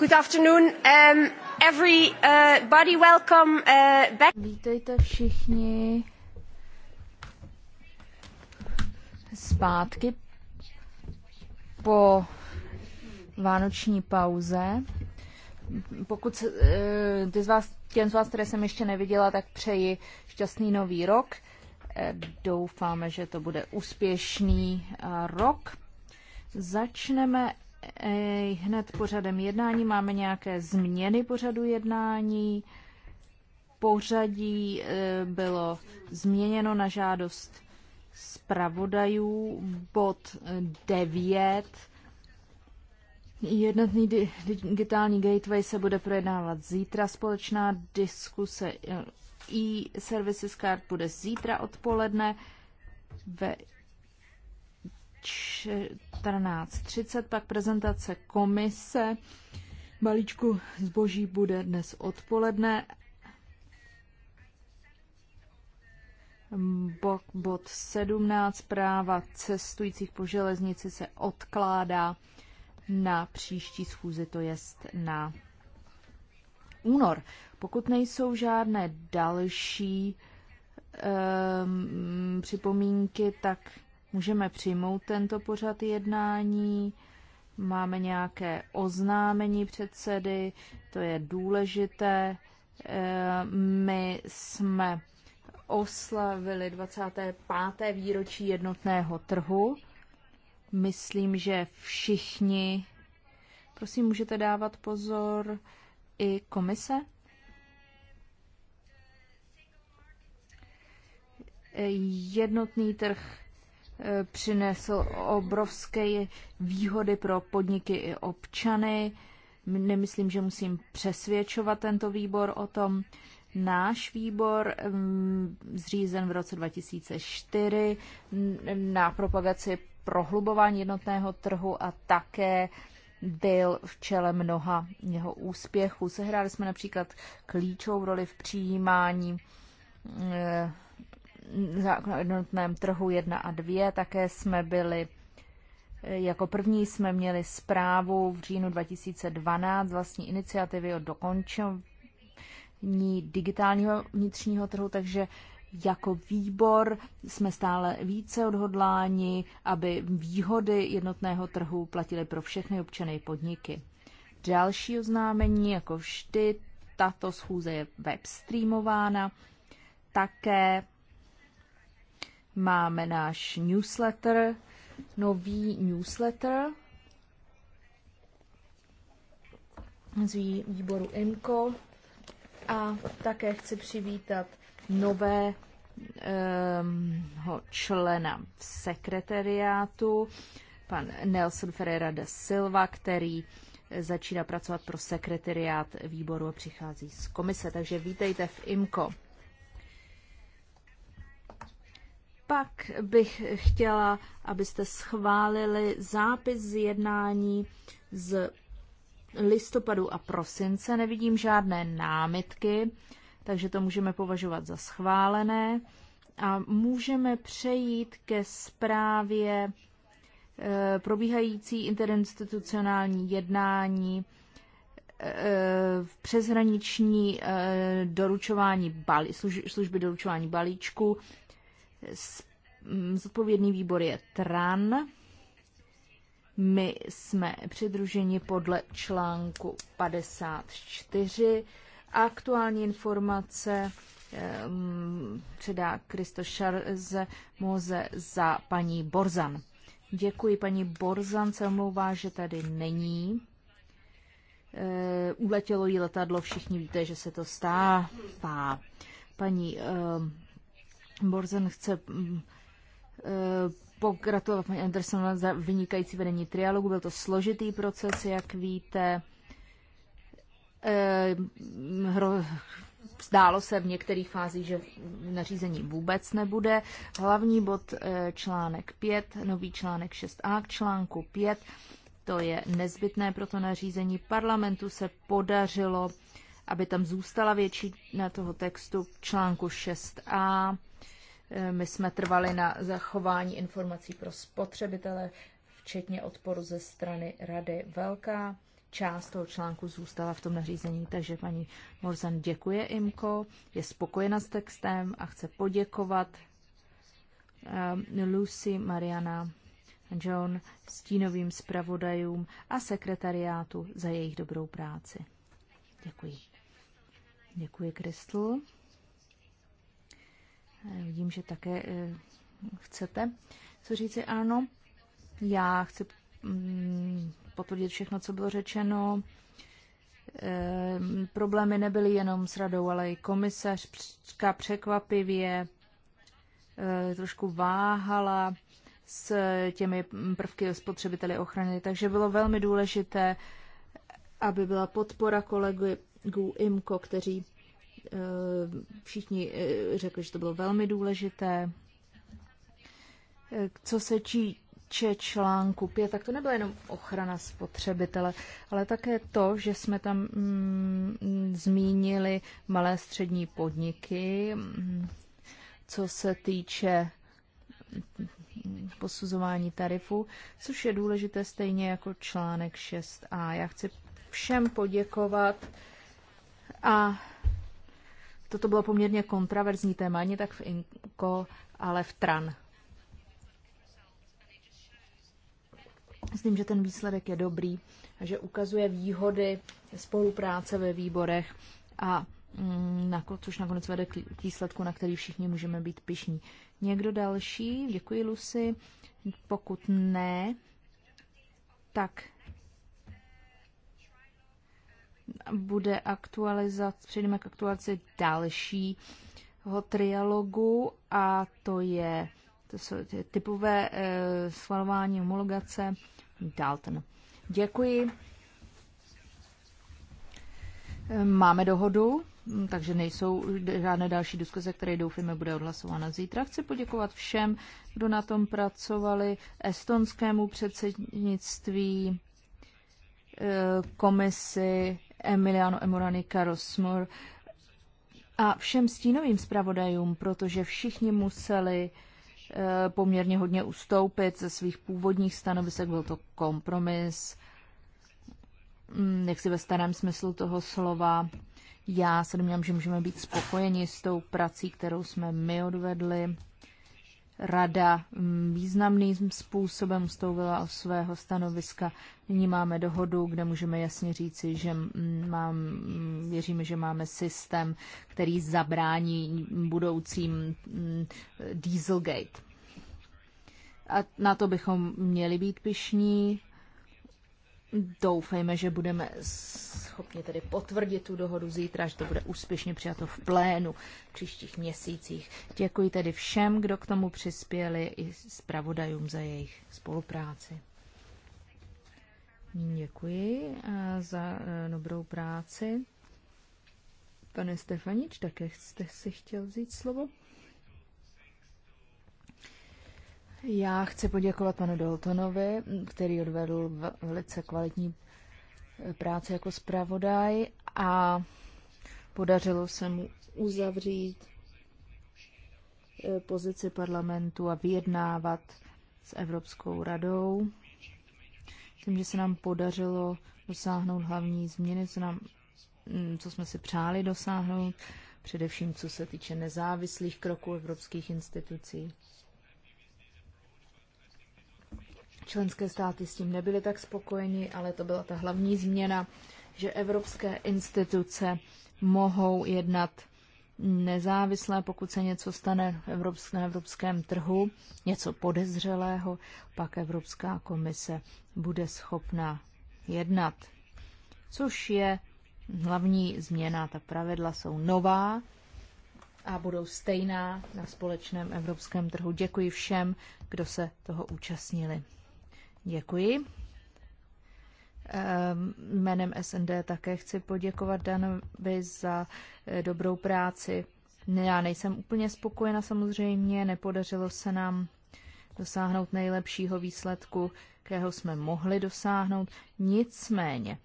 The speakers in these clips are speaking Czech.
Good afternoon. Um, uh, welcome uh, back. Vítejte všichni zpátky po vánoční pauze. Pokud eh, ty z vás, těm z vás, které jsem ještě neviděla, tak přeji šťastný nový rok. Eh, doufáme, že to bude úspěšný eh, rok. Začneme hned pořadem jednání. Máme nějaké změny pořadu jednání. Pořadí e, bylo změněno na žádost zpravodajů. Bod 9. E, Jednotný digitální gateway se bude projednávat zítra. Společná diskuse i e, services card bude zítra odpoledne ve 14.30, pak prezentace komise. Balíčku zboží bude dnes odpoledne. Bod, bod 17, práva cestujících po železnici se odkládá na příští schůzi, to jest na únor. Pokud nejsou žádné další um, připomínky, tak Můžeme přijmout tento pořad jednání, máme nějaké oznámení předsedy, to je důležité. Eh, my jsme oslavili 25. výročí jednotného trhu. Myslím, že všichni, prosím, můžete dávat pozor i komise. Eh, jednotný trh přinesl obrovské výhody pro podniky i občany. Nemyslím, že musím přesvědčovat tento výbor o tom. Náš výbor, mm, zřízen v roce 2004 mm, na propagaci prohlubování jednotného trhu a také byl v čele mnoha jeho úspěchů. Sehráli jsme například klíčovou roli v přijímání eh, zákon o jednotném trhu 1 a 2. Také jsme byli, eh, jako první jsme měli zprávu v říjnu 2012 vlastní iniciativy o dokončení digitálního vnitřního trhu, takže jako výbor jsme stále více odhodláni, aby výhody jednotného trhu platily pro všechny občany i podniky. Další oznámení, jako vždy, tato schůze je webstreamována. Také Máme náš newsletter, nový newsletter z výboru IMCO a také chci přivítat nové ehm, člena v sekretariátu, pan Nelson Ferreira de Silva, který začíná pracovat pro sekretariát výboru a přichází z komise. Takže vítejte v IMCO. Pak bych chtěla, abyste schválili zápis z jednání z listopadu a prosince. Nevidím žádné námitky, takže to můžeme považovat za schválené. A můžeme přejít ke zprávě eh, probíhající interinstitucionální jednání eh, v přeshraniční eh, doručování služby doručování balíčku Mm, zodpovědný výbor je TRAN. My jsme přidruženi podle článku 54. Aktuální informace eh, předá Kristo z Moze za paní Borzan. Děkuji, paní Borzan se omlouvá, že tady není. Eh, uletělo jí letadlo, všichni víte, že se to stává. Paní eh, Borzen chce mm, eh, pogratulovat paní Anderson za vynikající vedení trialogu. Byl to složitý proces, jak víte. Eh, zdálo se v některých fázích, že nařízení vůbec nebude. Hlavní bod eh, článek 5, nový článek 6a k článku 5. To je nezbytné pro to nařízení. Parlamentu se podařilo, aby tam zůstala většina toho textu článku 6a Eh, my jsme trvali na zachování informací pro spotřebitele, včetně odporu ze strany Rady. Velká část toho článku zůstala v tom nařízení, takže paní Morzan děkuje IMKO, je spokojena s textem a chce poděkovat eh, Lucy, Mariana, John, stínovým zpravodajům a sekretariátu za jejich dobrou práci. Děkuji. Děkuji, Kristl. Vidím, že také eh, chcete co říci ano. Já chci mm, potvrdit všechno, co bylo řečeno. Eh, problémy nebyly jenom s radou, ale i komisařka překvapivě eh, trošku váhala s těmi prvky spotřebiteli ochrany. Takže bylo velmi důležité, aby byla podpora GU IMCO, kteří Eh, všichni eh, řekli, že to bylo velmi důležité. Eh, co se týče článku 5, tak to nebyla jenom ochrana spotřebitele, ale také to, že jsme tam mm, zmínili malé střední podniky, mm, co se týče mm, posuzování tarifu, což je důležité stejně jako článek 6a. Já chci všem poděkovat a toto bylo poměrně kontraverzní téma, ani tak v INKO, ale v TRAN. Myslím, že ten výsledek je dobrý, že ukazuje výhody spolupráce ve výborech a mm, na, což nakonec vede k výsledku, na který všichni můžeme být pišní. Někdo další? Děkuji, Lucy. Pokud ne, tak bude aktualizace, přejdeme k aktualizaci dalšího trialogu a to je to jsou typové e, schvalování homologace Dalton. Děkuji. Eh, máme dohodu, hm, takže nejsou žádné další diskuze, které doufíme bude odhlasována zítra. Chci poděkovat všem, kdo na tom pracovali, estonskému předsednictví, eh, komisi, Emiliano Emorani, Carlos Moore a všem stínovým zpravodajům, protože všichni museli eh, poměrně hodně ustoupit ze svých původních stanovisek, byl to kompromis, mm, jak si ve starém smyslu toho slova. Já se domnívám, že můžeme být spokojeni s tou prací, kterou jsme my odvedli rada mm, významným způsobem ustoupila o svého stanoviska. Nyní máme dohodu, kde můžeme jasně říci, že mám, věříme, že máme systém, který zabrání budoucím mm, Dieselgate. A na to bychom měli být pišní. Doufejme, že budeme schopni tedy potvrdit tu dohodu zítra, že to bude úspěšně přijato v plénu v příštích měsících. Děkuji tedy všem, kdo k tomu přispěli i zpravodajům za jejich spolupráci. Děkuji eh, za eh, dobrou práci. Pane Stefanič, také jste si chtěl vzít slovo? Já chci poděkovat panu Daltonovi, který odvedl velice kvalitní eh, práci jako zpravodaj a podařilo se mu uzavřít eh, pozici parlamentu a vyjednávat s Evropskou radou. Myslím, že se nám podařilo dosáhnout hlavní změny, co, nám, mm, co jsme si přáli dosáhnout, především co se týče nezávislých kroků evropských institucí Členské státy s tím nebyly tak spokojeni, ale to byla ta hlavní změna, že evropské instituce mohou jednat nezávislé, pokud se něco stane evropsk- na evropském trhu, něco podezřelého, pak Evropská komise bude schopna jednat. Což je hlavní změna. Ta pravidla jsou nová a budou stejná na společném evropském trhu. Děkuji všem, kdo se toho účastnili. Děkuji. Ehm, jménem SND také chci poděkovat Danovi za eh, dobrou práci. Já nejsem úplně spokojena samozřejmě, nepodařilo se nám dosáhnout nejlepšího výsledku, kterého jsme mohli dosáhnout. Nicméně,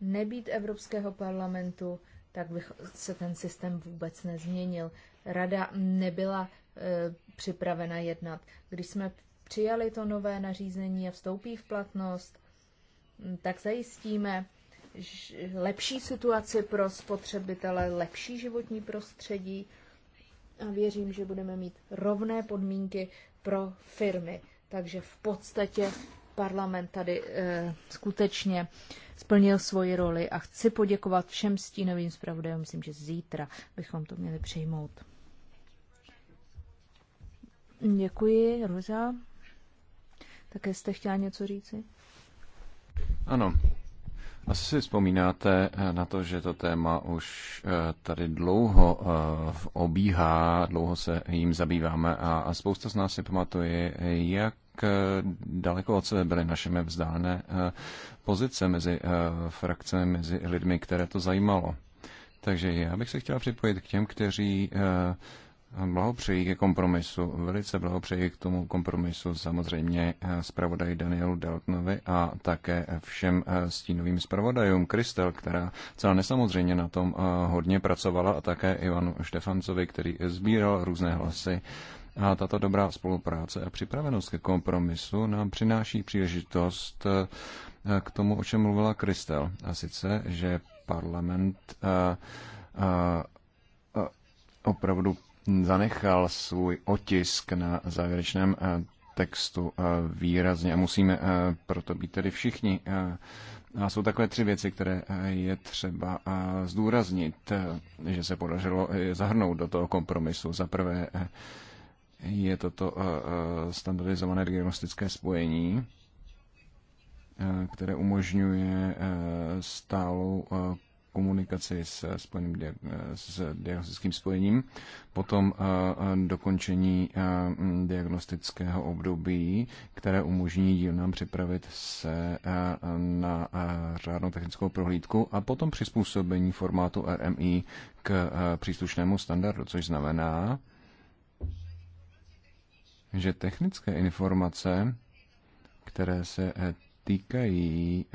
nebýt Evropského parlamentu, tak bych se ten systém vůbec nezměnil. Rada nebyla e, připravena jednat. Když jsme přijali to nové nařízení a vstoupí v platnost, tak zajistíme lepší situaci pro spotřebitele, lepší životní prostředí a věřím, že budeme mít rovné podmínky pro firmy. Takže v podstatě parlament tady e, skutečně splnil svoji roli a chci poděkovat všem stínovým zpravodajům. Myslím, že zítra bychom to měli přejmout. Děkuji, Roza. Také jste chtěla něco říci? Ano. Asi si vzpomínáte eh, na to, že to téma už eh, tady dlouho eh, obíhá, dlouho se jim zabýváme a spousta z nás si pamatuje, jak daleko od sebe byly naše vzdálené pozice mezi frakcemi, mezi lidmi, které to zajímalo. Takže já bych se chtěla připojit k těm, kteří uh, Blahopřeji ke kompromisu, velice blahopřeji k tomu kompromisu samozřejmě eh, zpravodaj Danielu Deltnovi a také všem eh, stínovým zpravodajům Kristel, která celá nesamozřejmě na tom eh, hodně pracovala a také Ivanu Štefancovi, který sbíral různé hlasy. A tato dobrá spolupráce a připravenost ke kompromisu nám přináší příležitost k tomu, o čem mluvila Kristel. A sice, že parlament opravdu zanechal svůj otisk na závěrečném eh, textu eh, výrazně a musíme eh, proto být tedy všichni. A jsou takové tři věci, které je třeba zdůraznit, že se podařilo zahrnout do toho kompromisu. Za prvé je toto standardizované diagnostické spojení, které umožňuje stálou komunikaci s, eh, spojeným eh, s diagnostickým spojením, potom eh, dokončení diagnostického období, které umožní dílnám připravit se na řádnou technickou prohlídku a potom přizpůsobení formátu RMI k příslušnému standardu, což znamená, že technické informace, které se týkají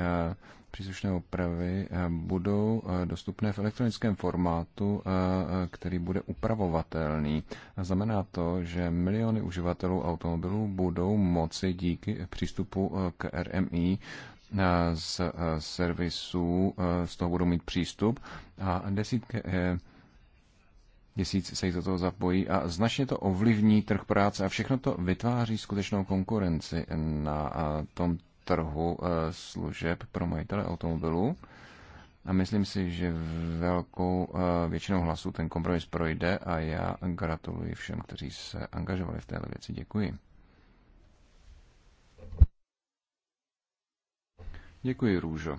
příslušné opravy eh, budou eh, dostupné v elektronickém formátu, eh, který bude upravovatelný. Znamená to, že miliony uživatelů automobilů budou moci díky přístupu k RMI z servisů, z toho budou mít přístup a desítky tisíc se jich do toho zapojí a značně to ovlivní trh práce a všechno to vytváří skutečnou konkurenci na tom trhu eh, služeb pro majitele automobilů. A myslím si, že velkou eh, většinou hlasů ten kompromis projde a já gratuluji všem, kteří se angažovali v této věci. Děkuji. Děkuji, Růžo.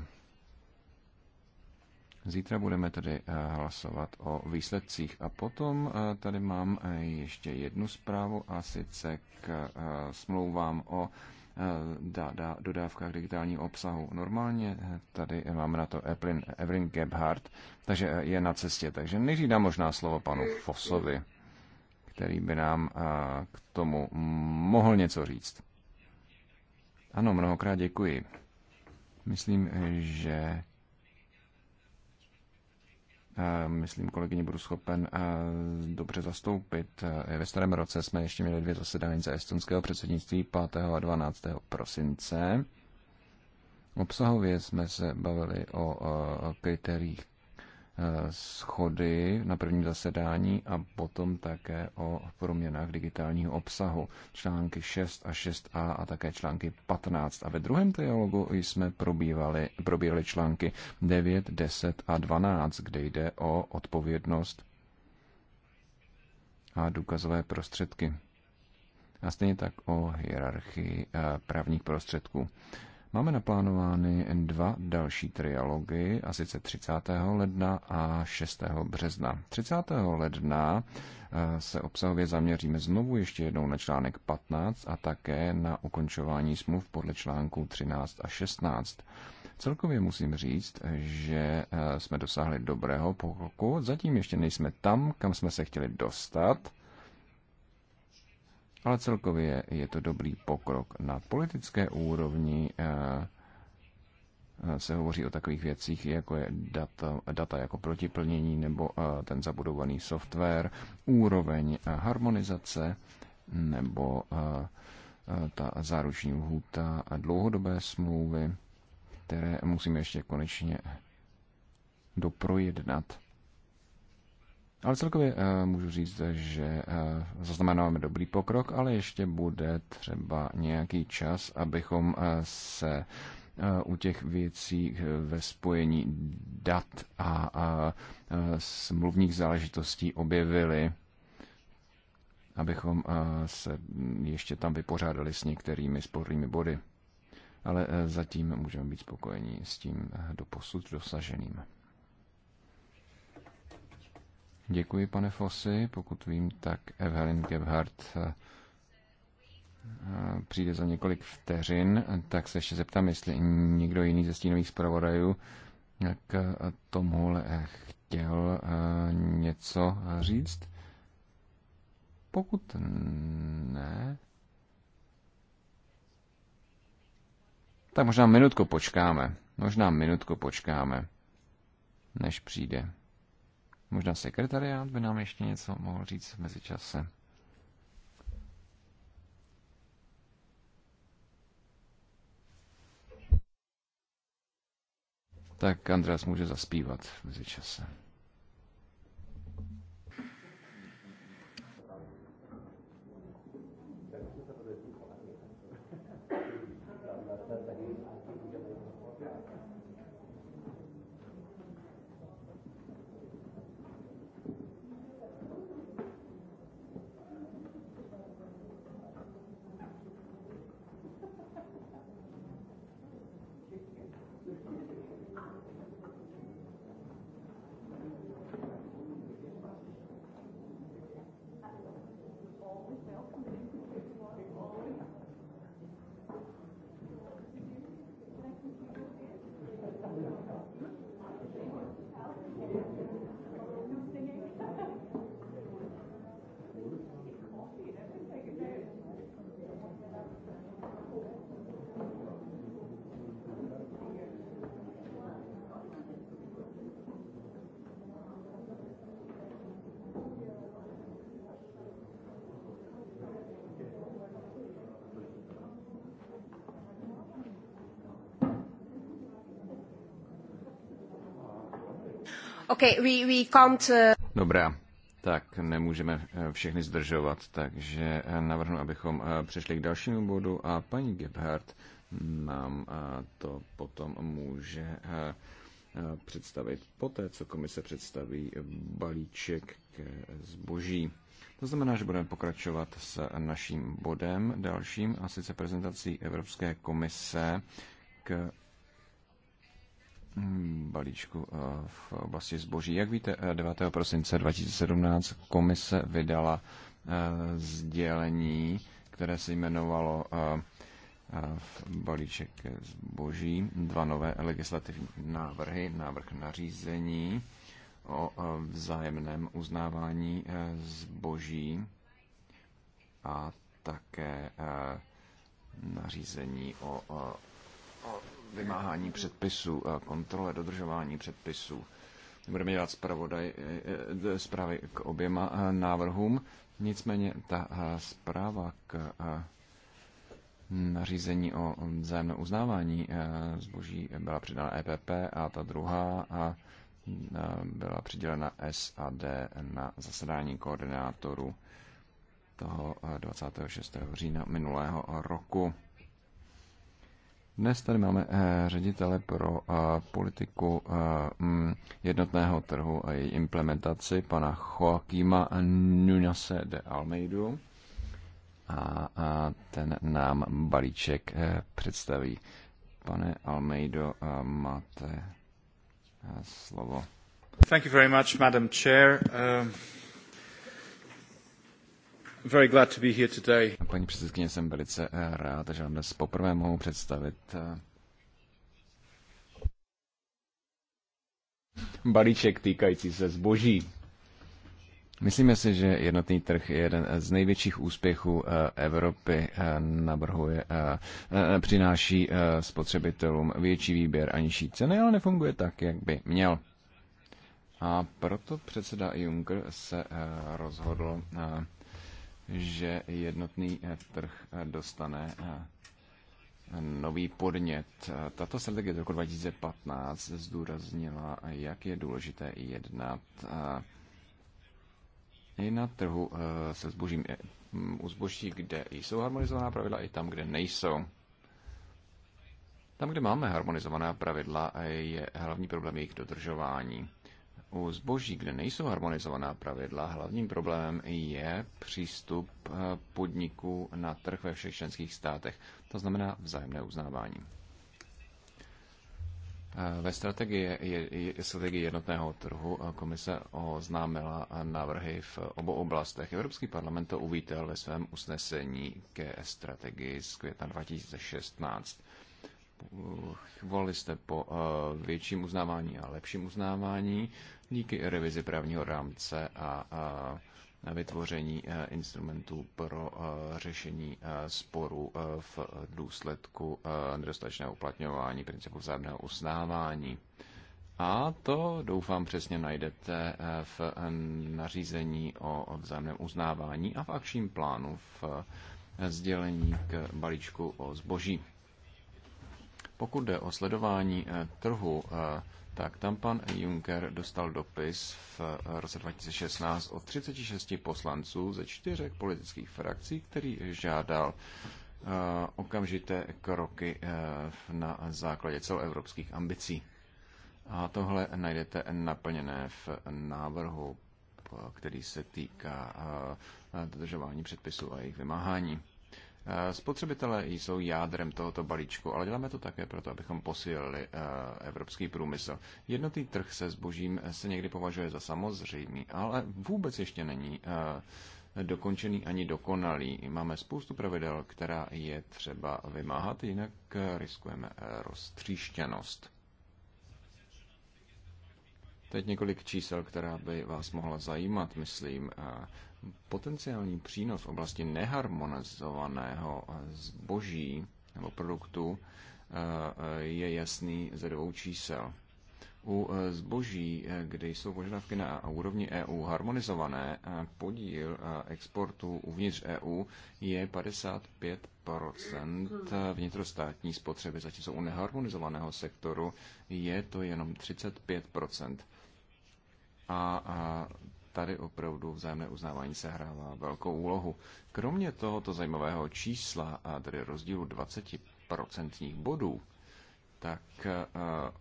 Zítra budeme tedy eh, hlasovat o výsledcích a potom tady mám ještě jednu zprávu a sice k smlouvám o dodávkách digitálního obsahu. Normálně eh, tady máme na to Evelyn, Evelyn Gebhardt, takže eh, je na cestě. Takže nejdřív dám možná slovo panu Fosovi, který by nám eh, k tomu mohl něco říct. Ano, mnohokrát děkuji. Myslím, že Eh, myslím, kolegyně budu schopen eh, dobře zastoupit. Eh, ve starém roce jsme ještě měli dvě zasedání za estonského předsednictví 5. a 12. prosince. Obsahově jsme se bavili o kritériích schody na prvním zasedání a potom také o proměnách digitálního obsahu. Články 6 a 6a a také články 15. A ve druhém dialogu jsme probívali, probírali články 9, 10 a 12, kde jde o odpovědnost a důkazové prostředky. A stejně tak o hierarchii eh, právních prostředků. Máme naplánovány dva další trialogy, a sice 30. ledna a 6. března. 30. ledna eh, se obsahově zaměříme znovu ještě jednou na článek 15 a také na ukončování smluv podle článků 13 a 16. Celkově musím říct, že eh, jsme dosáhli dobrého pokroku. Zatím ještě nejsme tam, kam jsme se chtěli dostat ale celkově je to dobrý pokrok. Na politické úrovni eh, eh, se hovoří o takových věcích, jako je data, data jako protiplnění nebo eh, ten zabudovaný software, úroveň harmonizace nebo ta záruční lhůta a dlouhodobé smlouvy, které musíme ještě konečně doprojednat. Ale celkově eh, můžu říct, že eh, zaznamenáváme dobrý pokrok, ale ještě bude třeba nějaký čas, abychom eh, se u těch věcí ve spojení dat a, uh, smluvních záležitostí objevili, abychom se ještě tam vypořádali s některými spornými body. Ale zatím můžeme být spokojeni s tím doposud dosaženým. Děkuji, pane Fosy. Pokud vím, tak Evelyn Gebhardt eh, eh, přijde za několik vteřin, tak se ještě zeptám, jestli někdo jiný ze stínových zpravodajů k eh, tomuhle chtěl něco říct. Pokud ne, tak možná minutku počkáme. Možná minutku počkáme, než přijde. Možná sekretariát by nám ještě něco mohl říct v mezičase. Tak Andreas může zaspívat v mezičase. okay, we, we can't, uh... Dobrá, tak nemůžeme eh, všechny zdržovat, takže eh, navrhnu, abychom eh, přešli k dalšímu bodu a paní Gebhardt nám to potom může představit poté, co komise představí balíček k zboží. To znamená, že budeme pokračovat s naším bodem dalším, a sice prezentací Evropské komise k balíčku eh, v oblasti zboží. Jak víte, eh, 9. prosince 2017 komise vydala eh, sdělení, které se jmenovalo v balíček zboží, dva nové legislativní návrhy, návrh nařízení o vzájemném uznávání zboží a také nařízení o, o, o vymáhání předpisů a kontrole dodržování předpisů. Budeme dělat zpravodaj, eh, eh, zprávy k oběma eh, návrhům. Nicméně ta zpráva k nařízení o vzájemné uznávání zboží byla přidána EPP a ta druhá byla přidělena SAD na zasedání koordinátorů toho 26. října minulého roku. Dnes tady máme eh, ředitele pro eh, politiku eh, mm, jednotného trhu a její implementaci, pana Joaquima Nunase de Almeidu. A ten nám balíček představí. Pane Almeido, máte slovo. Thank you very much, Madam Chair. Uh very glad to be here today. Paní předsedkyně, jsem velice eh, rád, že vám dnes poprvé mohu představit eh, balíček týkající se zboží. Myslíme si, že jednotný trh je jeden z největších úspěchů eh, Evropy. Nabrhuje, přináší spotřebitelům větší výběr a nižší ceny, ale nefunguje tak, jak by měl. A proto předseda Juncker se rozhodl že jednotný eh, trh eh, dostane eh, nový podnět. Tato strategie z roku 2015 zdůraznila, jak je důležité jednat i na trhu se zbožím u zboží, kde jsou harmonizovaná pravidla, i tam, kde nejsou. Tam, kde máme harmonizovaná pravidla, je hlavní problém jejich dodržování u zboží, kde nejsou harmonizovaná pravidla, hlavním problémem je přístup eh, podniků na trh ve všech členských státech. To znamená vzájemné uznávání. Eh, ve strategii, je strategii jednotného trhu eh, komise oznámila návrhy v obou oblastech. Evropský parlament to uvítal ve svém usnesení ke strategii z května 2016 volali jste po eh, větším uznávání a lepším uznávání díky revizi právního rámce a eh, vytvoření eh, instrumentů pro řešení sporů v důsledku nedostatečného uplatňování principu vzájemného uznávání. A to, doufám, přesně najdete v nařízení o vzájemném uznávání a v akčním plánu v sdělení k balíčku o zboží. Pokud jde o sledování eh, trhu, eh, tak tam pan Juncker dostal dopis v eh, roce 2016 od 36 poslanců ze čtyřech politických frakcí, který žádal okamžité kroky na základě celoevropských ambicí. A tohle najdete naplněné v návrhu, který se týká dodržování předpisů a jejich vymáhání. Eh, spotřebitelé jsou jádrem tohoto balíčku, ale děláme to také proto, abychom posílili eh, evropský průmysl. Jednotný trh se zbožím eh, se někdy považuje za samozřejmý, ale vůbec ještě není dokončený ani dokonalý. Máme spoustu pravidel, která je třeba vymáhat, jinak riskujeme roztříštěnost. Teď několik čísel, která by vás mohla zajímat, myslím potenciální přínos v oblasti neharmonizovaného zboží nebo produktu eh, eh, je jasný ze dvou čísel. U eh, zboží, kde jsou požadavky na úrovni EU harmonizované, podíl exportu uvnitř EU je 55 vnitrostátní spotřeby, zatímco u neharmonizovaného sektoru je to jenom 35 a, a tady opravdu vzájemné uznávání hrává velkou úlohu. Kromě tohoto zajímavého čísla, a tedy rozdílu 20% bodů, tak eh,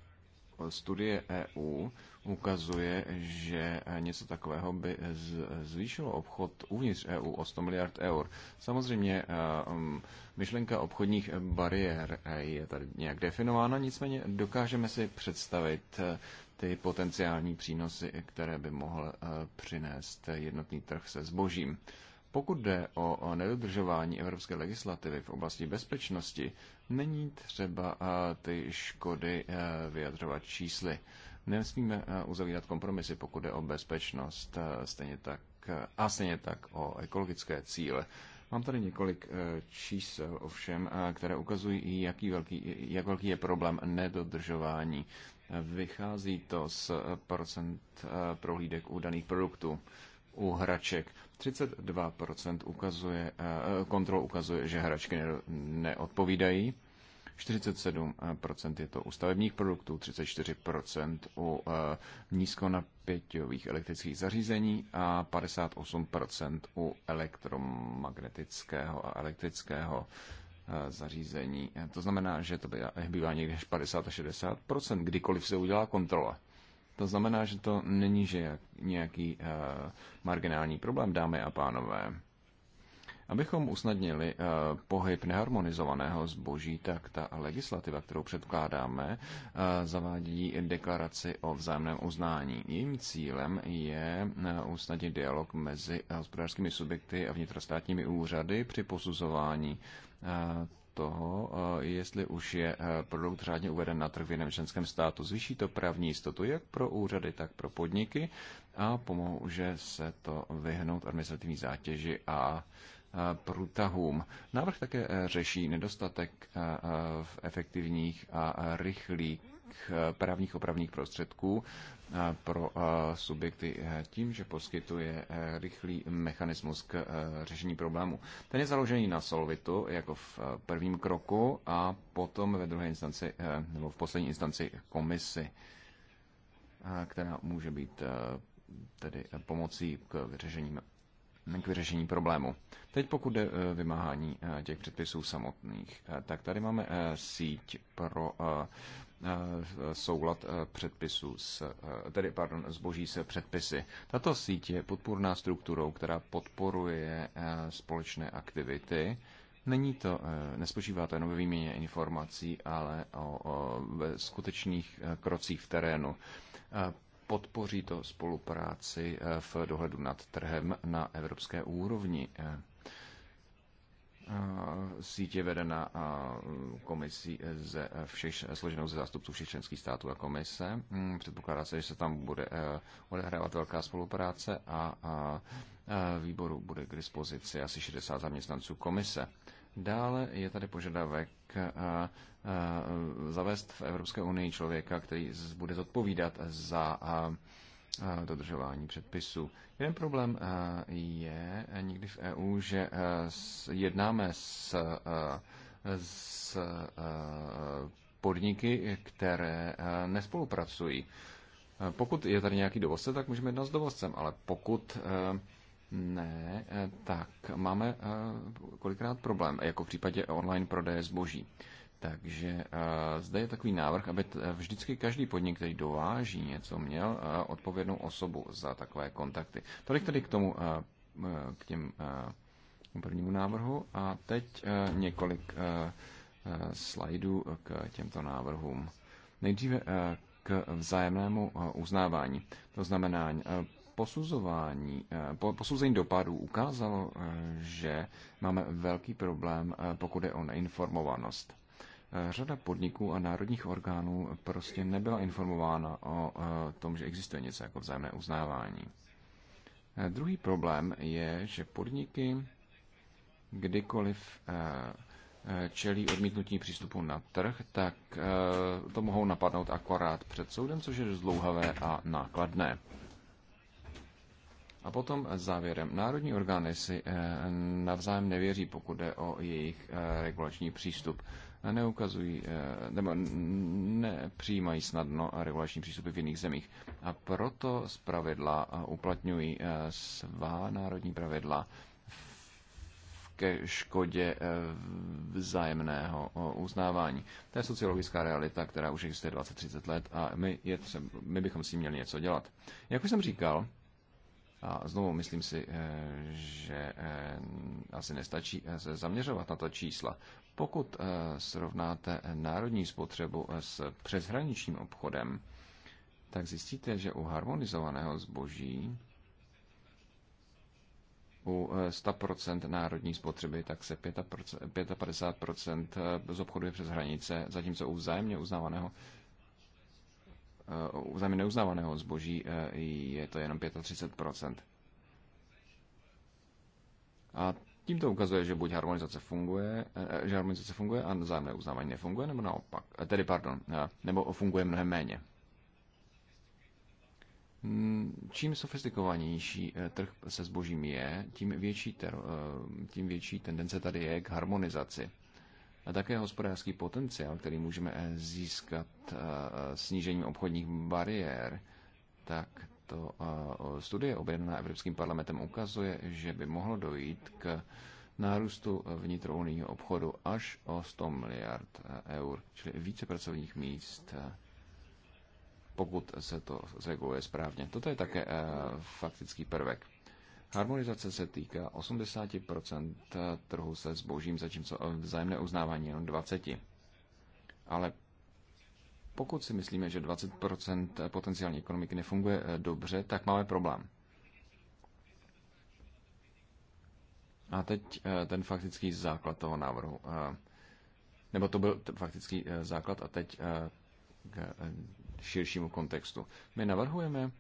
studie EU ukazuje, že eh, něco takového by zvýšilo obchod uvnitř EU o 100 miliard eur. Samozřejmě eh, mm, myšlenka obchodních bariér je tady nějak definována, nicméně dokážeme si představit ty potenciální přínosy, které by mohl eh, přinést jednotný trh se zbožím. Pokud jde o nedodržování evropské legislativy v oblasti bezpečnosti, není třeba eh, ty škody eh, vyjadřovat čísly. Nesmíme uzavírat kompromisy, pokud jde o bezpečnost stejně tak, a stejně tak o ekologické cíle. Mám tady několik čísel ovšem, které ukazují, jaký velký, jak velký je problém nedodržování Vychází to z eh, procent eh, prohlídek u daných produktů. U hraček 32% ukazuje, eh, kontrol ukazuje, že hračky neodpovídají. 47% je to u stavebních produktů, 34% u nízkonapěťových elektrických zařízení a 58% u elektromagnetického a elektrického Eh, zařízení. Eh, to znamená, že to eh, bývá někde až 50 a 60 kdykoliv se udělá kontrola. To znamená, že to není že nějaký marginální problém, dámy a pánové. Abychom usnadnili eh, pohyb neharmonizovaného zboží, tak ta legislativa, kterou předkládáme, eh, zavádí deklaraci o vzájemném uznání. Jejím cílem je eh, usnadnit dialog mezi hospodářskými subjekty a vnitrostátními úřady při posuzování toho, jestli už je produkt řádně uveden na trh v jiném členském státu. Zvýší to právní jistotu jak pro úřady, tak pro podniky a pomůže se to vyhnout administrativní zátěži a průtahům. Návrh také eh, řeší nedostatek eh, eh, efektivních a rychlých právních opravných prostředků pro subjekty tím, že poskytuje rychlý mechanismus k řešení problému. Ten je založený na Solvitu jako v prvním kroku a potom ve druhé instanci nebo v poslední instanci komisi, která může být tedy pomocí k vyřešení k vyřešení problému. Teď pokud jde eh, vymáhání eh, těch předpisů samotných, eh, tak tady máme síť pro soulad předpisů s, tedy, pardon, zboží se předpisy. Tato síť je podpůrná strukturou, která podporuje společné aktivity. Není to, nespočívá to jenom ve výměně informací, ale o, o ve skutečných krocích v terénu podpoří to spolupráci eh, v dohledu nad trhem na evropské úrovni. Eh, sítě vedená komisí eh, ze všech, složenou ze zástupců všech členských států a komise. Mm, předpokládá se, že se tam bude odehrávat velká spolupráce a výboru bude k dispozici asi 60 zaměstnanců komise. Dále je tady požadavek eh, eh, zavést v Evropské unii člověka, který bude zodpovídat za eh, dodržování předpisů. Jeden problém je někdy v EU, že jednáme s, s podniky, které nespolupracují. Pokud je tady nějaký dovozce, tak můžeme jednat s dovozcem, ale pokud ne, eh, tak máme eh, kolikrát problém, jako v případě online prodeje zboží. Takže eh, zde je takový návrh, aby vždycky každý podnik, který dováží něco, měl odpovědnou osobu za takové kontakty. Tolik tedy k tomu, k těm prvnímu návrhu. A teď několik slajdů k těmto návrhům. Nejdříve k vzájemnému uznávání. To znamená, posuzování, eh, posouzení dopadů ukázalo, eh, že máme velký problém, eh, pokud je o neinformovanost. Řada podniků a národních orgánů prostě nebyla informována o tom, že existuje něco jako vzájemné uznávání. Druhý problém je, že podniky kdykoliv čelí odmítnutí přístupu na trh, tak to mohou napadnout akorát před soudem, což je zdlouhavé a nákladné. A potom závěrem. Národní orgány si eh, navzájem nevěří, pokud jde o jejich eh, regulační přístup. Neukazují, eh, nebo nepřijímají snadno regulační přístupy v jiných zemích. A proto z pravidla uplatňují svá národní pravidla ke škodě vzájemného uznávání. To je sociologická realita, která už existuje 20-30 let a my, je třeba, my bychom si měli něco dělat. Jak už jsem říkal, a znovu myslím si, eh, že eh, asi nestačí eh, se zaměřovat na ta čísla. Pokud srovnáte národní spotřebu s přeshraničním obchodem, tak zjistíte, že u harmonizovaného zboží u 100% národní spotřeby, tak se 55% z obchodu je přes hranice, zatímco u vzájemně uznávaného zájemně neuznávaného zboží eh, je to jenom 35%. A tím to ukazuje, že buď harmonizace funguje, eh, eh, že harmonizace funguje a vzájemné uznávání nefunguje, nebo naopak. Tedy, pardon, nebo funguje mnohem méně. Hmm, čím sofistikovanější trh se zbožím je, tím větší, ter, tím větší tendence tady je k harmonizaci a také hospodářský potenciál, který můžeme eh, získat eh, eh, snížením obchodních bariér, tak to studie objednaná Evropským parlamentem ukazuje, že by mohlo dojít k nárůstu vnitrounijního obchodu až o 100 miliard eur, čili více pracovních míst, pokud se to zreguluje správně. Toto je také faktický prvek. Harmonizace se týká 80% trhu se zbožím, zatímco vzájemné uznávání jenom 20%. Ale pokud si myslíme, že 20% potenciální ekonomiky nefunguje eh, dobře, tak máme problém. A teď eh, ten faktický základ toho návrhu. Eh, nebo to byl faktický základ a teď k širšímu kontextu. My navrhujeme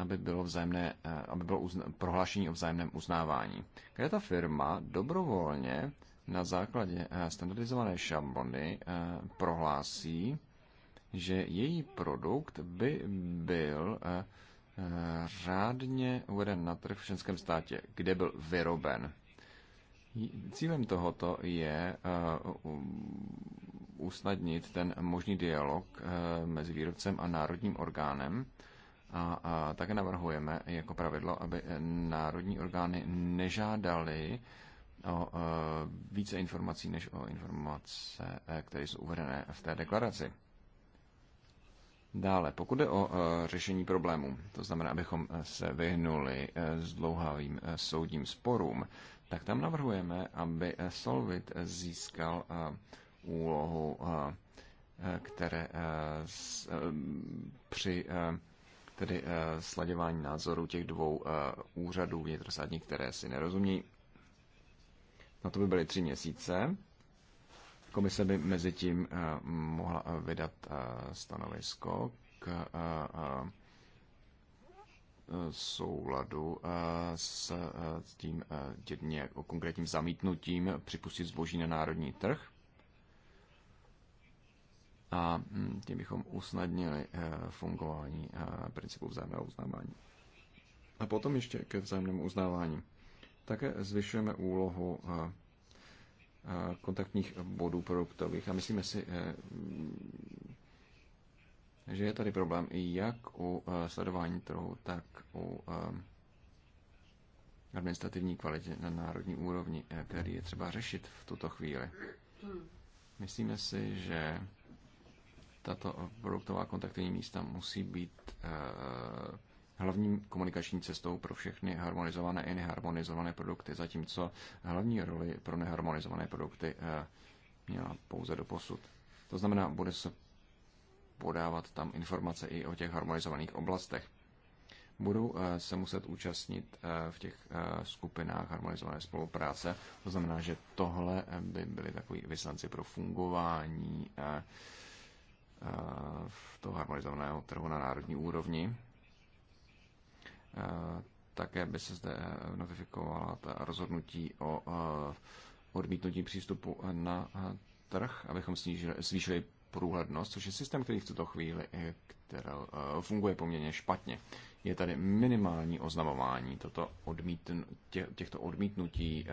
aby bylo, vzájemné, eh, aby bylo uzna, prohlášení o vzájemném uznávání, kde ta firma dobrovolně na základě eh, standardizované šablony eh, prohlásí, že její produkt by byl řádně uveden na trh v členském státě, kde byl vyroben. Cílem tohoto je usnadnit ten možný dialog mezi výrobcem a národním orgánem a, a také navrhujeme jako pravidlo, aby národní orgány nežádaly o e, více informací než o informace, e, které jsou uvedené v té deklaraci. Dále, pokud jde o e, řešení problémů, to znamená, abychom se vyhnuli s dlouhavým soudním sporům, tak tam navrhujeme, aby Solvit získal úlohu, které při tedy eh, sladěvání názorů těch dvou eh, úřadů vnitrostátních, které si nerozumí, Na to by byly tři měsíce. Komise by mezi tím eh, mohla vydat stanovisko k souladu s tím jedně o konkrétním zamítnutím připustit zboží na národní trh a hm, tím bychom usnadnili eh, fungování eh, principu vzájemného uznávání. A potom ještě ke vzájemnému uznávání. Také zvyšujeme úlohu eh, kontaktních bodů produktových a myslíme si, že je tady problém i jak u sledování trhu, tak u administrativní kvalitě na národní úrovni, který je třeba řešit v tuto chvíli. Myslíme si, že tato produktová kontaktní místa musí být eh, hlavní komunikační cestou pro všechny harmonizované i neharmonizované produkty, zatímco hlavní roli pro neharmonizované produkty eh, měla pouze do posud. To znamená, bude se podávat tam informace i o těch harmonizovaných oblastech. Budou eh, se muset účastnit v těch skupinách harmonizované spolupráce. To znamená, že tohle by byly takový vyslanci pro fungování v toho harmonizovaného trhu na národní úrovni. Také by se zde notifikovala ta rozhodnutí o eh, odmítnutí přístupu na eh, trh, abychom snížili, zvýšili průhlednost, což je systém, který v tuto chvíli eh, který funguje poměrně špatně. Je tady minimální oznamování toto odmítn, tě, těchto odmítnutí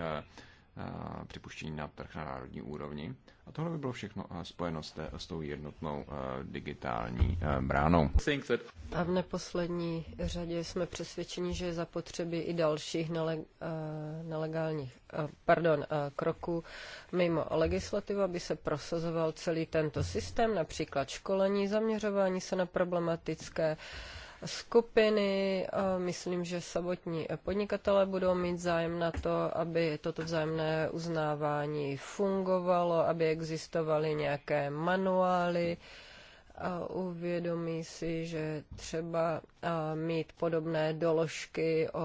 připuštění na trh na národní úrovni. A tohle by bylo všechno spojeno s, té, s tou jednotnou digitální bránou. A v neposlední řadě jsme přesvědčeni, že je zapotřebí i dalších nelegálních pardon, kroků mimo legislativu, aby se prosazoval celý tento systém, například školení, zaměřování se na problematické uh, skupiny. Myslím, že samotní podnikatele budou mít zájem na to, aby toto vzájemné uznávání fungovalo, aby existovaly nějaké manuály, a uvědomí si, že třeba mít podobné doložky o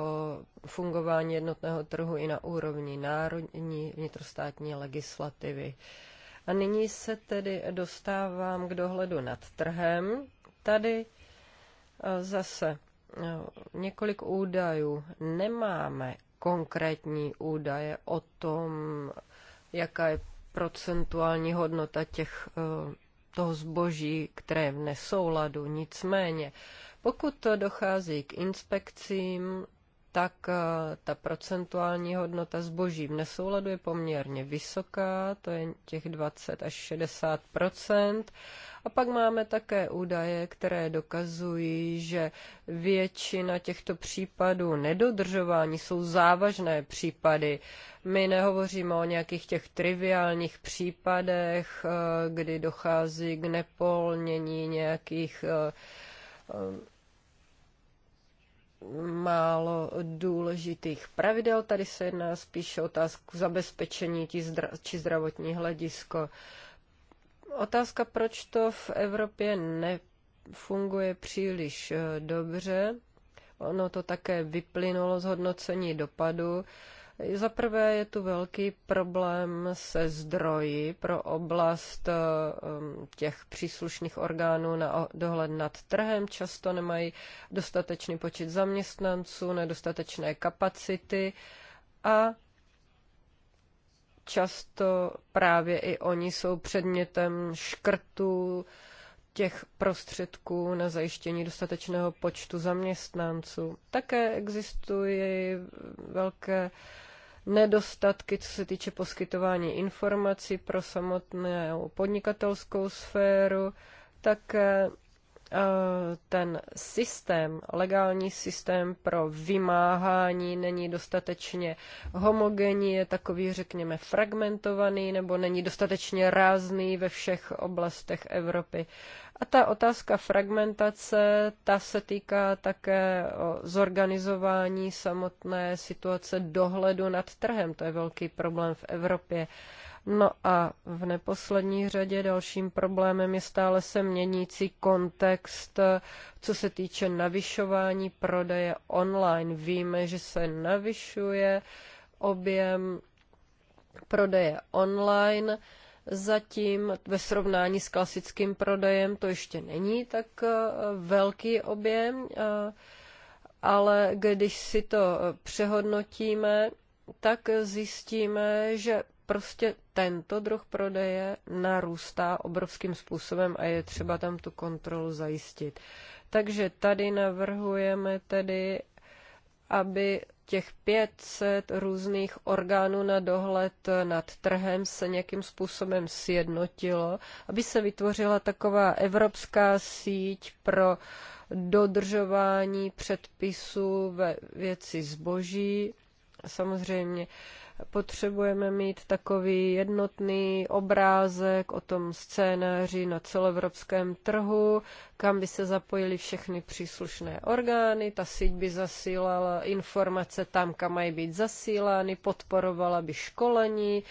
fungování jednotného trhu i na úrovni národní vnitrostátní legislativy. A nyní se tedy dostávám k dohledu nad trhem. Tady Zase eh, několik údajů. Nemáme konkrétní údaje o tom, jaká je procentuální hodnota těch, eh, toho zboží, které je v nesouladu. Nicméně, pokud to dochází k inspekcím, tak eh, ta procentuální hodnota zboží v nesouladu je poměrně vysoká, to je těch 20 až 60 A pak máme také údaje, které dokazují, že většina těchto případů nedodržování jsou závažné případy. My nehovoříme o nějakých těch triviálních případech, eh, kdy dochází k nepolnění nějakých eh, málo důležitých pravidel. Tady se jedná spíše o otázku zabezpečení či zdravotní hledisko. Otázka, proč to v Evropě nefunguje příliš eh, dobře. Ono to také vyplynulo z hodnocení dopadu. Za prvé je tu velký problém se zdroji pro oblast eh, těch příslušných orgánů na dohled nad trhem. Často nemají dostatečný počet zaměstnanců, nedostatečné kapacity a často právě i oni jsou předmětem škrtů těch prostředků na zajištění dostatečného počtu zaměstnanců. Také existují velké nedostatky, co se týče poskytování informací pro samotnou podnikatelskou sféru, také eh, Eh, ten systém, legální systém pro vymáhání není dostatečně homogenní, je takový, řekněme, fragmentovaný nebo není dostatečně rázný ve všech oblastech Evropy. A ta otázka fragmentace, ta se týká také zorganizování samotné situace dohledu nad trhem. To je velký problém v Evropě. Uh, No a v neposlední řadě dalším problémem je stále se měnící kontext, co se týče navyšování prodeje online. Víme, že se navyšuje objem prodeje online. Zatím ve srovnání s klasickým prodejem to ještě není tak eh, velký objem, eh, ale když si to přehodnotíme, tak zjistíme, že prostě tento druh prodeje narůstá obrovským způsobem a je třeba tam tu kontrolu zajistit. Takže tady navrhujeme tedy, aby těch 500 různých orgánů na dohled nad trhem se nějakým způsobem sjednotilo, aby se vytvořila taková evropská síť pro dodržování předpisů ve věci zboží. Samozřejmě Potřebujeme mít takový jednotný obrázek o tom scénáři na celoevropském trhu, kam by se zapojili všechny příslušné orgány. Ta síť by zasílala informace tam, kam mají být zasílány, podporovala by školení,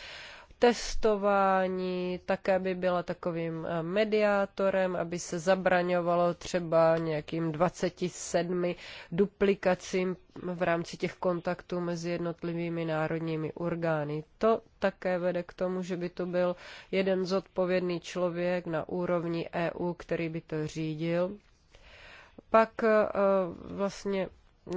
testování, také by byla takovým eh, mediátorem, aby se zabraňovalo třeba nějakým 27 duplikacím v rámci těch kontaktů mezi jednotlivými národními orgány. To také vede k tomu, že by to byl jeden zodpovědný člověk na úrovni EU, který by to řídil. Pak eh, vlastně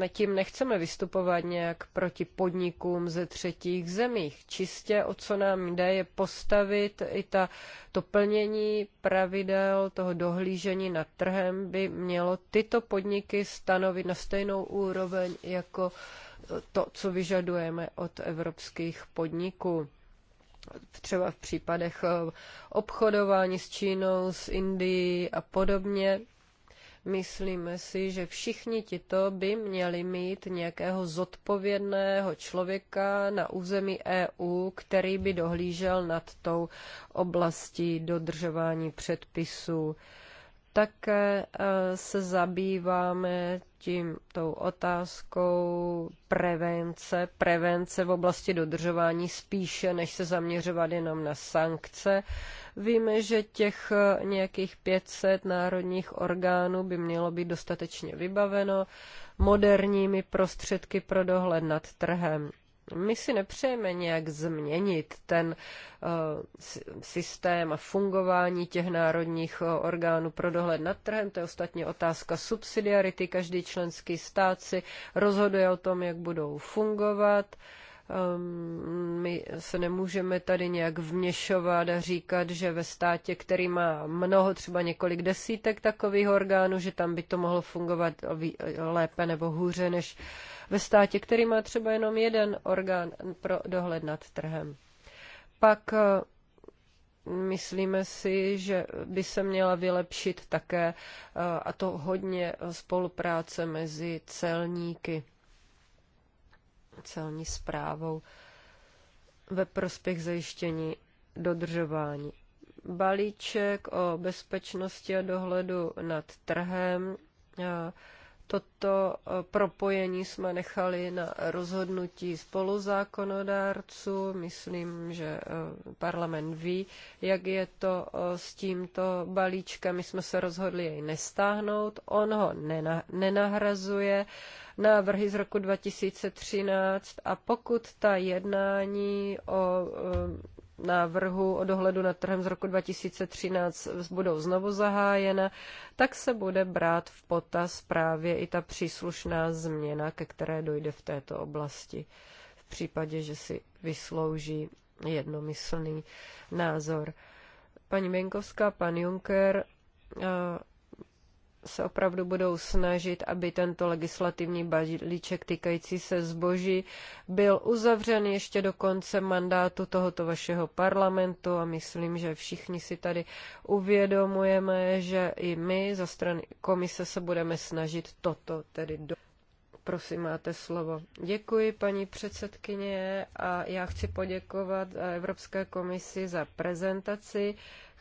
tím nechceme vystupovat nějak proti podnikům ze třetích zemích. Čistě o co nám jde je postavit i ta, to plnění pravidel toho dohlížení nad trhem by mělo tyto podniky stanovit na stejnou úroveň jako to, co vyžadujeme od evropských podniků třeba v případech eh, obchodování s Čínou, s Indií a podobně. Myslíme si, že všichni tito by měli mít nějakého zodpovědného člověka na území EU, který by dohlížel nad tou oblastí dodržování předpisů. Také eh, se zabýváme tím tou otázkou prevence, prevence v oblasti dodržování spíše, než se zaměřovat jenom na sankce. Víme, že těch eh, nějakých 500 národních orgánů by mělo být dostatečně vybaveno moderními prostředky pro dohled nad trhem. My si nepřejeme nějak změnit ten eh, systém a fungování těch národních eh, orgánů pro dohled nad trhem. To je ostatně otázka subsidiarity. Každý členský stát si rozhoduje o tom, jak budou fungovat. Ehm, my se nemůžeme tady nějak vměšovat a říkat, že ve státě, který má mnoho, třeba několik desítek takových orgánů, že tam by to mohlo fungovat lépe nebo hůře než ve státě, který má třeba jenom jeden orgán pro dohled nad trhem. Pak eh, myslíme si, že by se měla vylepšit také, eh, a to hodně, eh, spolupráce mezi celníky celní zprávou ve prospěch zajištění dodržování. Balíček o bezpečnosti a dohledu nad trhem Toto eh, propojení jsme nechali na rozhodnutí spoluzákonodárců. Myslím, že eh, parlament ví, jak je to eh, s tímto balíčkem. My jsme se rozhodli jej nestáhnout. On ho nenahrazuje. Návrhy z roku 2013 a pokud ta jednání o návrhu o dohledu nad trhem z roku 2013 budou znovu zahájena, tak se bude brát v potaz právě i ta příslušná změna, ke které dojde v této oblasti v případě, že si vyslouží jednomyslný názor. Paní Měnkovská, pan Juncker eh, se opravdu budou snažit, aby tento legislativní balíček týkající se zboží byl uzavřen ještě do konce mandátu tohoto vašeho parlamentu a myslím, že všichni si tady uvědomujeme, že i my za strany komise se budeme snažit toto tedy do... Prosím, máte slovo. Děkuji, paní předsedkyně, a já chci poděkovat Evropské komisi za prezentaci.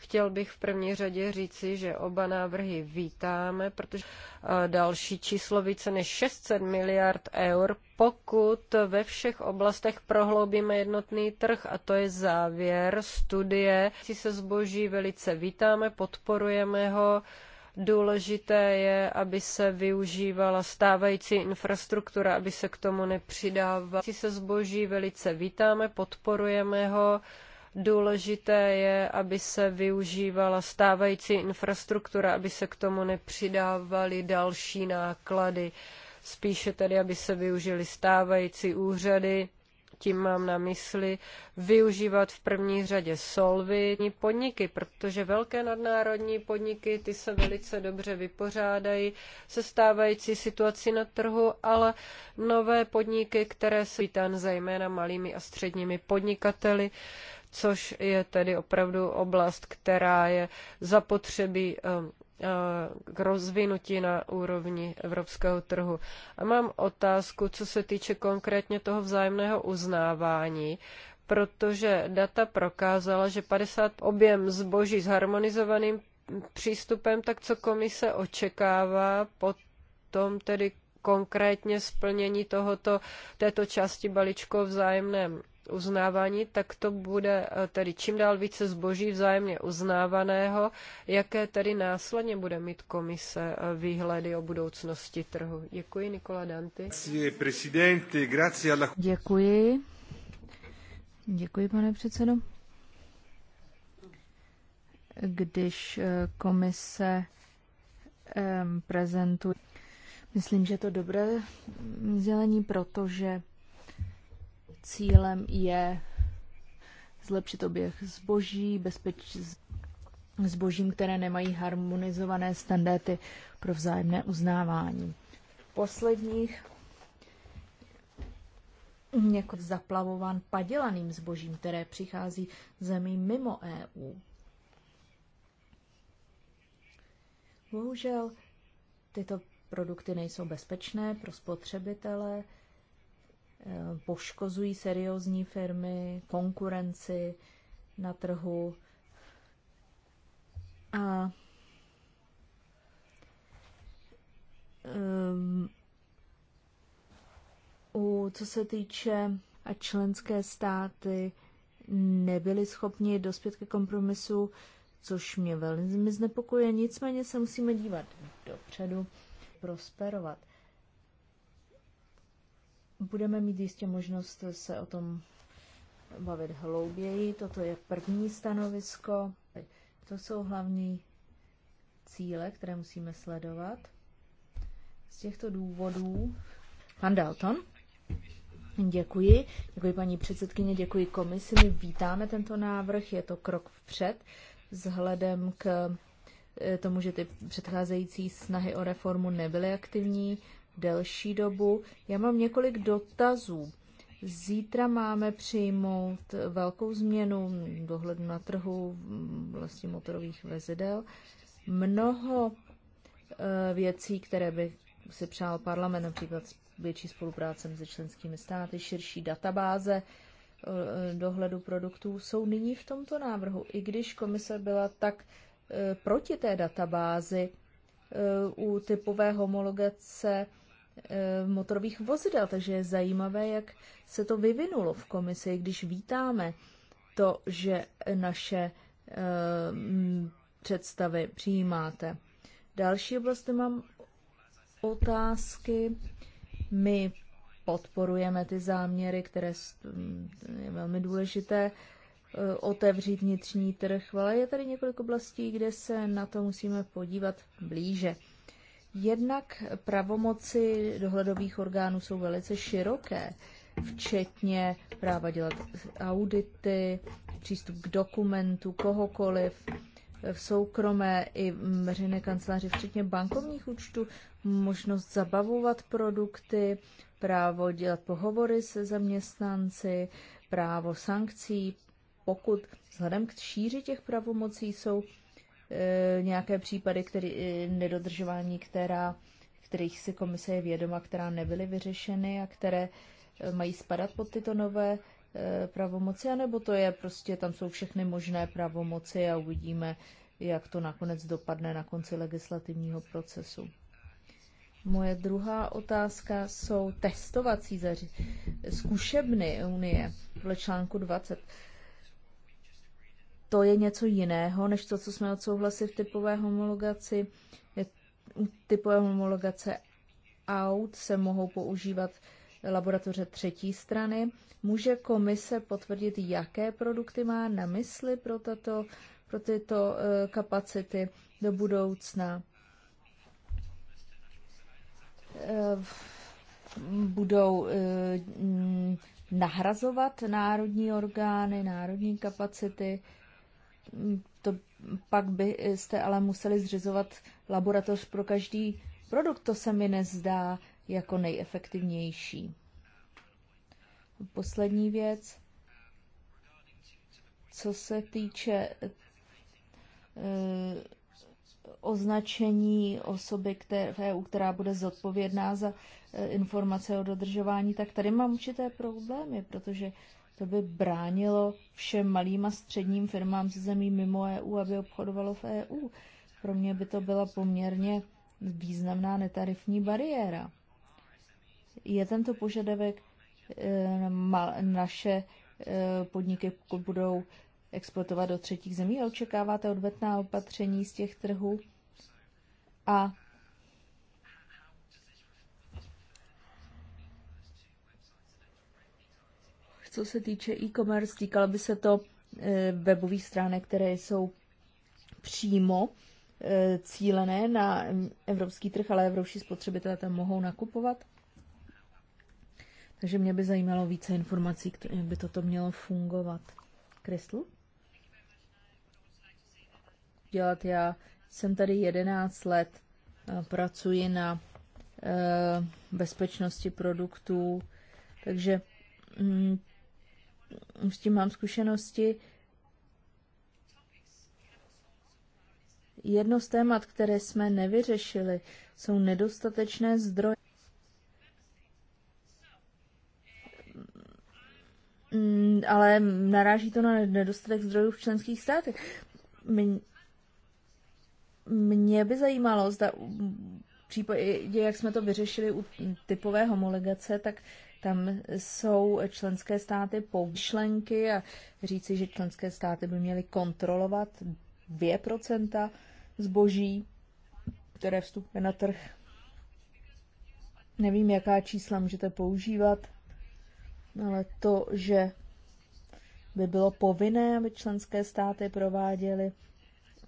Chtěl bych v první řadě říci, že oba návrhy vítáme, protože eh, další číslo více než 600 miliard eur, pokud ve všech oblastech prohloubíme jednotný trh, a to je závěr studie, si se zboží velice vítáme, podporujeme ho. Důležité je, aby se využívala stávající infrastruktura, aby se k tomu nepřidávala. Si se zboží velice vítáme, podporujeme ho. Důležité je, aby se využívala stávající infrastruktura, aby se k tomu nepřidávaly další náklady. Spíše tedy, aby se využily stávající úřady, tím mám na mysli využívat v první řadě solvy, podniky, protože velké nadnárodní podniky, ty se velice dobře vypořádají se stávající situací na trhu, ale nové podniky, které jsou vítan zejména malými a středními podnikateli, což je tedy opravdu oblast, která je zapotřebí um, uh, k rozvinutí na úrovni evropského trhu. A mám otázku, co se týče konkrétně toho vzájemného uznávání, protože data prokázala, že 50 objem zboží s harmonizovaným přístupem, tak co komise očekává potom tedy konkrétně splnění tohoto, této části balíčku o vzájemném uznávání, tak to bude eh, tedy čím dál více zboží vzájemně uznávaného. Jaké tedy následně bude mít komise eh, výhledy o budoucnosti trhu? Děkuji, Nikola Danti. Děkuji. Děkuji, pane předsedo. Když eh, komise prezentuje, myslím, že to dobré vzdělení, mm, protože Cílem je zlepšit oběh zboží, bezpečí zbožím, které nemají harmonizované standardy pro vzájemné uznávání. V posledních jako zaplavován padělaným zbožím, které přichází zemí mimo EU. Bohužel tyto produkty nejsou bezpečné pro spotřebitele, poškozují seriózní firmy, konkurenci na trhu. A um, u, co se týče a členské státy nebyly schopni dospět ke kompromisu, což mě velmi znepokuje. Nicméně se musíme dívat dopředu, prosperovat. Budeme mít jistě možnost se o tom bavit hlouběji. Toto je první stanovisko. To jsou hlavní cíle, které musíme sledovat. Z těchto důvodů pan Dalton. Děkuji. Děkuji paní předsedkyně, děkuji komisi. My vítáme tento návrh, je to krok vpřed vzhledem k eh, tomu, že ty předcházející snahy o reformu nebyly aktivní delší dobu. Já mám několik dotazů. Zítra máme přijmout velkou změnu dohledu na trhu mm, vlastně motorových vezidel. Mnoho eh, věcí, které by si přál parlament, například větší spolupráce mezi členskými státy, širší databáze eh, dohledu produktů, jsou nyní v tomto návrhu. I když komise byla tak eh, proti té databázi u typové homologace Eh, motorových vozidel, takže je zajímavé, jak se to vyvinulo v komisi, když vítáme to, že naše eh, mm, představy přijímáte. Další oblast mám otázky. My podporujeme ty záměry, které mm, je velmi důležité eh, otevřít vnitřní trh, ale je tady několik oblastí, kde se na to musíme podívat blíže. Jednak pravomoci dohledových orgánů jsou velice široké, včetně práva dělat audity, přístup k dokumentu, kohokoliv, v soukromé i veřejné kanceláři, včetně bankovních účtů, možnost zabavovat produkty, právo dělat pohovory se zaměstnanci, právo sankcí, pokud vzhledem k šíři těch pravomocí jsou Eh, nějaké případy který, eh, nedodržování, která, kterých si komise je vědoma, která nebyly vyřešeny a které eh, mají spadat pod tyto nové pravomoci, anebo to je prostě, tam jsou všechny možné pravomoci a uvidíme, jak to nakonec dopadne na konci legislativního procesu. Moje druhá otázka jsou testovací zkušebny Unie podle článku 20 to je něco jiného, než to, co jsme odsouhlasili v typové homologaci. Typové homologace aut se mohou používat laboratoře třetí strany. Může komise potvrdit, jaké produkty má na mysli pro, tato, pro tyto e, kapacity do budoucna? E, budou e, nahrazovat národní orgány, národní kapacity? to pak byste ale museli zřizovat laboratoř pro každý produkt. To se mi nezdá jako nejefektivnější. Poslední věc, co se týče eh, označení osoby které, která bude zodpovědná za eh, informace o dodržování, tak tady mám určité problémy, protože to by bránilo všem malým a středním firmám ze zemí mimo EU, aby obchodovalo v EU. Pro mě by to byla poměrně významná netarifní bariéra. Je tento požadavek eh, naše eh, podniky, pokud budou exportovat do třetích zemí a očekáváte odvetná opatření z těch trhů? A Co se týče e-commerce, týkalo by se to eh, webových stránek, které jsou přímo eh, cílené na mm, evropský trh, ale evropští spotřebitelé tam mohou nakupovat. Takže mě by zajímalo více informací, jak by toto mělo fungovat. Crystal? Dělat já jsem tady 11 let, eh, pracuji na bezpečnosti produktů, takže mm, s tím mám zkušenosti. Jedno z témat, které jsme nevyřešili, jsou nedostatečné zdroje. Mm, ale naráží to na nedostatek zdrojů v členských státech. Mě by zajímalo, zda v případě, jak jsme to vyřešili u typové homologace, tak tam jsou členské státy poušlenky a říci, že členské státy by měly kontrolovat 2% zboží, které vstupuje na trh. Nevím, jaká čísla můžete používat, ale to, že by bylo povinné, aby členské státy prováděly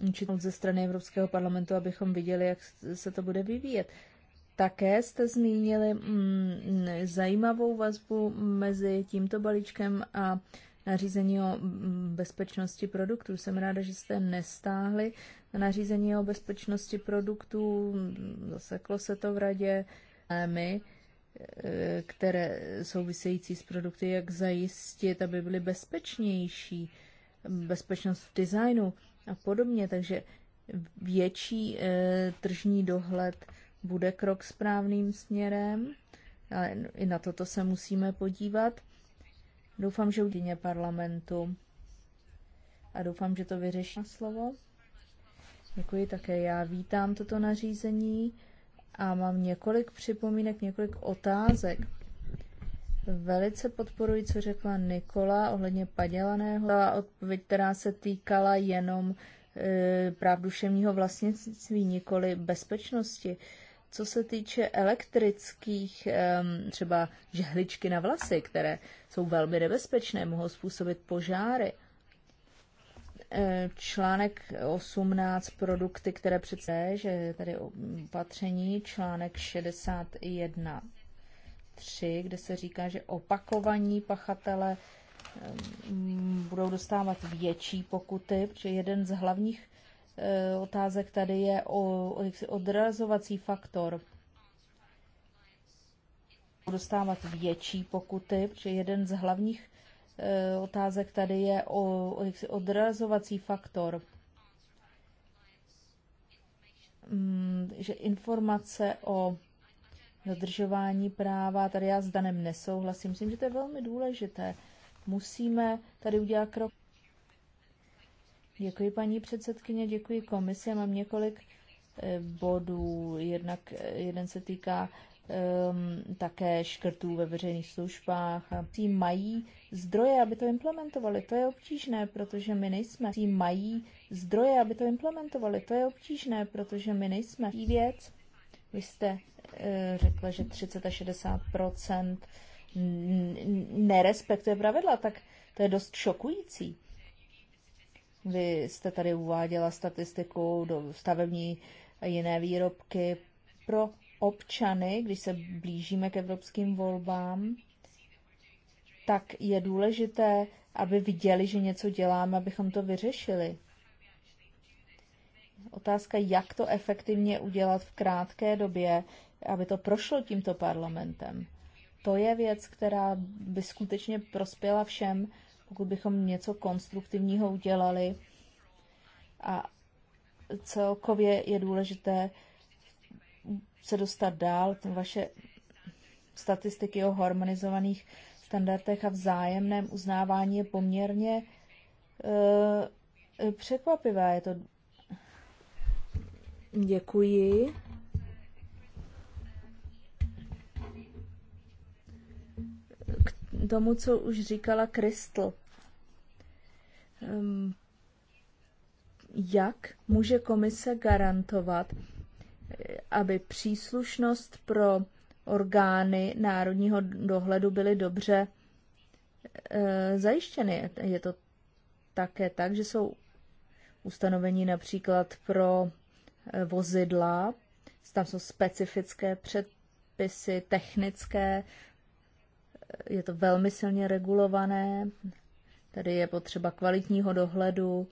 určitou ze strany Evropského parlamentu, abychom viděli, jak se to bude vyvíjet. Také jste zmínili mm, zajímavou vazbu mezi tímto balíčkem a nařízení o mm, bezpečnosti produktů. Jsem ráda, že jste nestáhli nařízení o bezpečnosti produktů. Zaseklo se to v radě. My, e, které související s produkty, jak zajistit, aby byly bezpečnější, bezpečnost v designu a podobně. Takže větší e, tržní dohled bude krok správným směrem. Ale I na toto se musíme podívat. Doufám, že uděně parlamentu. A doufám, že to vyřeší slovo. Děkuji také. Já vítám toto nařízení a mám několik připomínek, několik otázek. Velice podporuji, co řekla Nikola ohledně padělaného. Byla odpověď, která se týkala jenom e, práv duševního vlastnictví, nikoli bezpečnosti. E, co se týče elektrických třeba žehličky na vlasy, které jsou velmi nebezpečné, mohou způsobit požáry. E, článek 18 produkty, které přece, že tady opatření, článek 61 3, kde se říká, že opakovaní pachatele budou dostávat větší pokuty, protože jeden z hlavních Eh, otázek tady je o, o odrazovací faktor. Dostávat větší pokuty, protože jeden z hlavních eh, otázek tady je o, o odrazovací faktor. Hmm, že informace o dodržování práva, tady já s Danem nesouhlasím, myslím, že to je velmi důležité. Musíme tady udělat krok. Děkuji paní předsedkyně, děkuji komisi. mám několik eh, bodů. Jednak, eh, jeden se týká um, také škrtů ve veřejných službách. tí mají zdroje, aby to implementovali. To je obtížné, protože my nejsme. Tí mají zdroje, aby to implementovali. To je obtížné, protože my nejsme. Tí věc, vy jste uh, řekla, že 30 a 60 nerespektuje pravidla, tak to je dost šokující. Vy jste tady uváděla statistiku do stavební a jiné výrobky. Pro občany, když se blížíme k evropským volbám, tak je důležité, aby viděli, že něco děláme, abychom to vyřešili. Otázka, jak to efektivně udělat v krátké době, aby to prošlo tímto parlamentem. To je věc, která by skutečně prospěla všem pokud bychom něco konstruktivního udělali. A celkově je důležité se dostat dál. Vaše statistiky o harmonizovaných standardech a vzájemném uznávání je poměrně e, eh, překvapivá. Je to... Děkuji. tomu, co už říkala Kristl. Ehm, jak může komise garantovat, eh, aby příslušnost pro orgány národního dohledu byly dobře eh, zajištěny? Je to také tak, že jsou ustanovení například pro eh, vozidla, tam jsou specifické předpisy, technické je to velmi silně regulované, tady je potřeba kvalitního dohledu.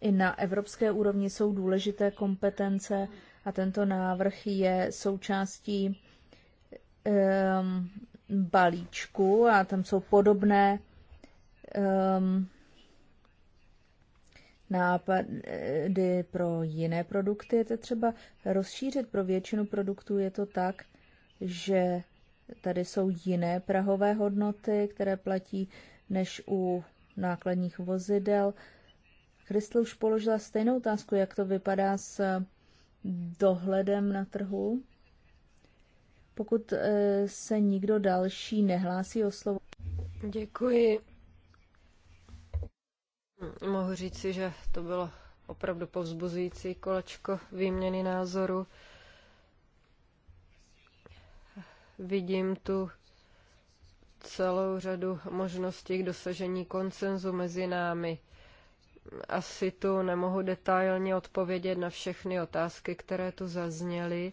I na evropské úrovni jsou důležité kompetence a tento návrh je součástí um, balíčku a tam jsou podobné um, nápady pro jiné produkty. Je to třeba rozšířit pro většinu produktů. Je to tak, že Tady jsou jiné prahové hodnoty, které platí než u nákladních vozidel. Kristel už položila stejnou otázku, jak to vypadá s dohledem na trhu. Pokud eh, se nikdo další nehlásí o slovo. Děkuji. Mohu říci, že to bylo opravdu povzbuzující kolečko výměny názoru. Vidím tu celou řadu možností k dosažení konsenzu mezi námi. Asi tu nemohu detailně odpovědět na všechny otázky, které tu zazněly,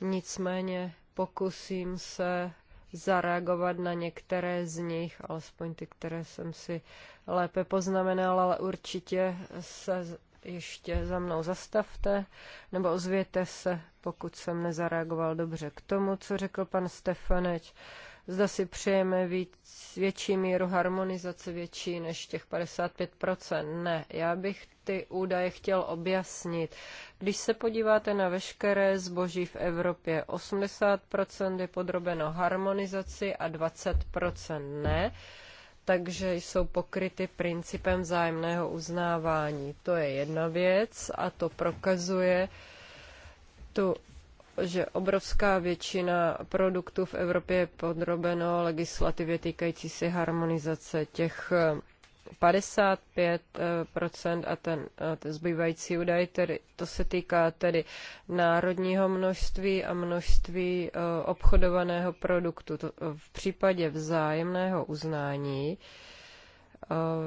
nicméně pokusím se zareagovat na některé z nich, alespoň ty, které jsem si lépe poznamenala, ale určitě se ještě za mnou zastavte nebo ozvěte se, pokud jsem nezareagoval dobře k tomu, co řekl pan Stefaneč. Zda si přejeme víc, větší míru harmonizace, větší než těch 55%. Ne, já bych ty údaje chtěl objasnit. Když se podíváte na veškeré zboží v Evropě, 80% je podrobeno harmonizaci a 20% ne takže jsou pokryty principem vzájemného uznávání. To je jedna věc a to prokazuje tu že obrovská většina produktů v Evropě je podrobeno legislativě týkající se harmonizace těch 55 eh, a ten, a eh, ten zbývající údaj, tedy, to se týká tedy národního množství a množství eh, obchodovaného produktu. To v případě vzájemného uznání uh,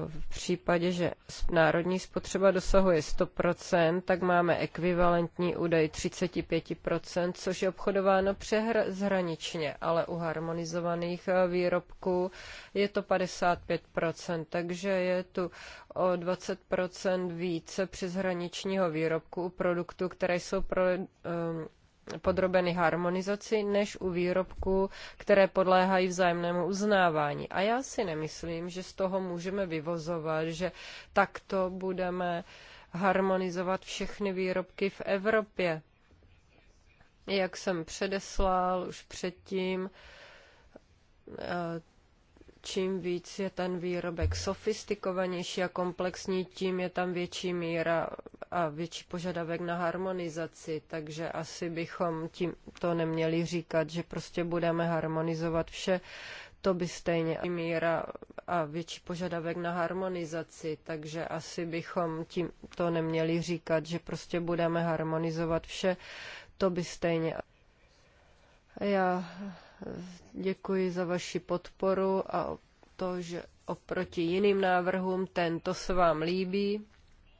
v případě, že národní spotřeba dosahuje 100%, tak máme ekvivalentní údaj 35%, což je obchodováno přehraničně, ale u harmonizovaných eh, výrobků je to 55%, takže je tu o 20% více přeshraničního výrobku u produktů, které jsou pro, um, podrobeny harmonizaci než u výrobků, které podléhají vzájemnému uznávání. A já si nemyslím, že z toho můžeme vyvozovat, že takto budeme harmonizovat všechny výrobky v Evropě. Jak jsem předeslal už předtím, eh, čím víc je ten výrobek sofistikovanější a komplexní, tím je tam větší míra a větší požadavek na harmonizaci, takže asi bychom tím to neměli říkat, že prostě budeme harmonizovat vše, to by stejně míra a větší požadavek na harmonizaci, takže asi bychom tím to neměli říkat, že prostě budeme harmonizovat vše, to by stejně. Já Děkuji za vaši podporu a to, že oproti jiným návrhům tento se vám líbí.